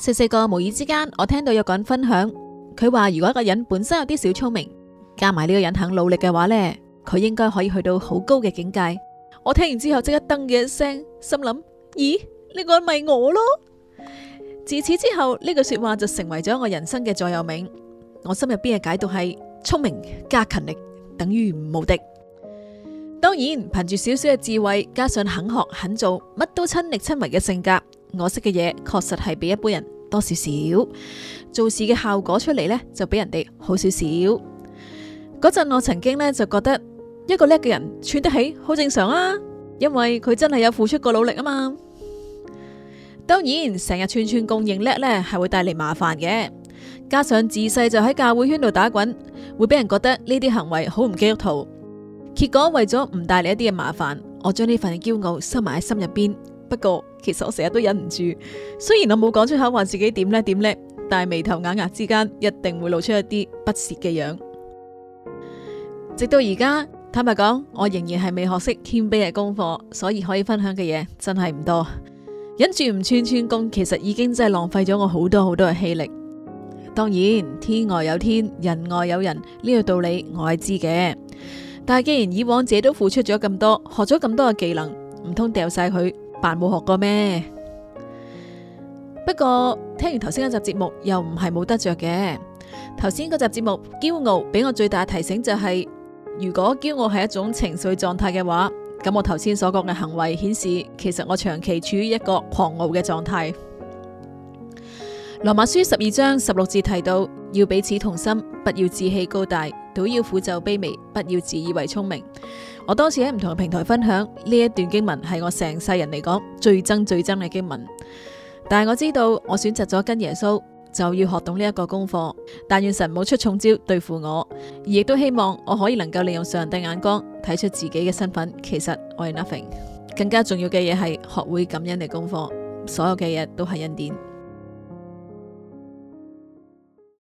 細細個無意之間，我聽到有個人分享，佢話如果一個人本身有啲小聰明，加埋呢個人肯努力嘅話呢，佢應該可以去到好高嘅境界。我聽完之後，即刻噔嘅一聲，心諗：咦，呢個咪我咯？自此之後，呢句說話就成為咗我人生嘅座右銘。我心入邊嘅解讀係：聰明加勤力等於無敵。當然，憑住少少嘅智慧，加上肯學肯做，乜都親力親為嘅性格。我識嘅嘢確實係比一般人多少少，做事嘅效果出嚟呢就比人哋好少少。嗰陣我曾經呢就覺得一個叻嘅人串得起好正常啊，因為佢真係有付出過努力啊嘛。當然成日串串共應叻呢係會帶嚟麻煩嘅，加上自細就喺教會圈度打滾，會俾人覺得呢啲行為好唔基督徒。結果為咗唔帶嚟一啲嘅麻煩，我將呢份驕傲收埋喺心入邊。不過，其實我成日都忍唔住，雖然我冇講出口，話自己點叻點叻，但係眉頭眼額之間一定會露出一啲不屑嘅樣。直到而家坦白講，我仍然係未學識謙卑嘅功課，所以可以分享嘅嘢真係唔多。忍住唔寸寸功，其實已經真係浪費咗我好多好多嘅氣力。當然天外有天，人外有人呢個道理我係知嘅，但係既然以往自己都付出咗咁多，學咗咁多嘅技能，唔通掉晒佢？但冇學過咩？不過聽完頭先嗰集節目，又唔係冇得着嘅。頭先嗰集節目《驕傲》俾我最大提醒就係，如果驕傲係一種情緒狀態嘅話，咁我頭先所講嘅行為顯示，其實我長期處於一個狂傲嘅狀態。羅馬書十二章十六字提到，要彼此同心，不要志氣高大，都要俯就卑微，不要自以為聰明。我當時喺唔同嘅平台分享呢一段經文，係我成世人嚟講最憎最憎嘅經文。但係我知道，我選擇咗跟耶穌，就要學懂呢一個功課。但願神冇出重招對付我，而亦都希望我可以能夠利用上帝眼光睇出自己嘅身份，其實我係 nothing。更加重要嘅嘢係學會感恩嘅功課，所有嘅嘢都係恩典。